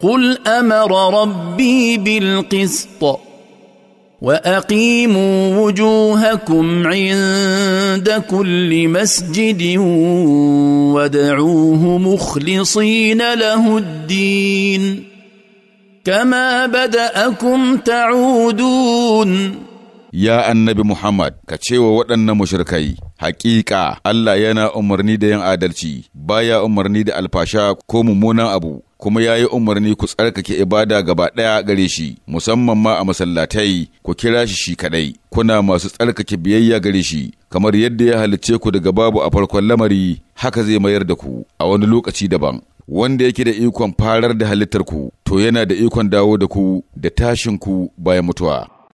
قل امر ربي بالقسط واقيموا وجوهكم عند كل مسجد وادعوه مخلصين له الدين كما بداكم تعودون يا النبي محمد كتشيو ودنا مشركي حقيقة الله ينا أمرني دين عدلتي بايا أمرني دي الباشا كوم مونا أبو kuma ya yi umarni ku tsarkake ibada gaba ɗaya gare shi musamman ma a masallatai ku kira shi shi kaɗai kuna masu tsarkake biyayya gare shi kamar yadda ya halicce ku daga babu a farkon lamari haka zai mayar da ku a wani lokaci daban wanda yake da ikon farar da halittar ku to yana da ikon dawo da ku da tashin ku bayan mutuwa